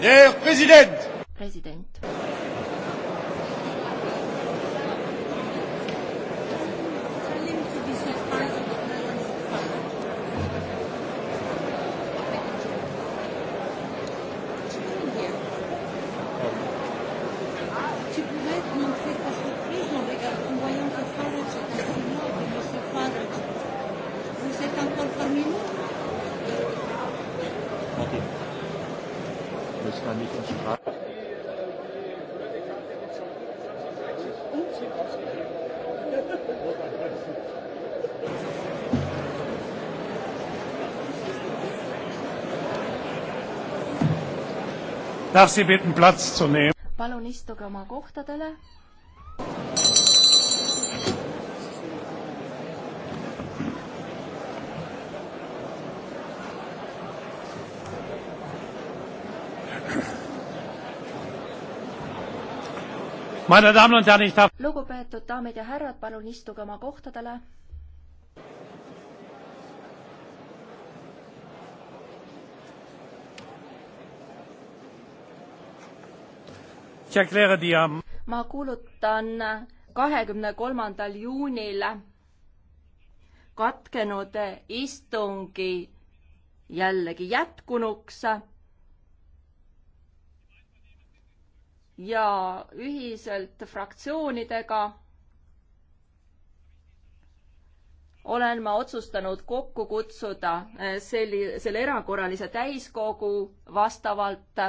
Herr Präsident! Präsident! müssen wir nicht in Streit. Darf Sie bitten, Platz zu nehmen? Palun istuge oma kohtadele. lugupeetud daamid ja härrad, palun istuge oma kohtadele. ma kuulutan kahekümne kolmandal juunil katkenud istungi jällegi jätkunuks ja ühiselt fraktsioonidega olen ma otsustanud kokku kutsuda selli-, selle erakorralise täiskogu vastavalt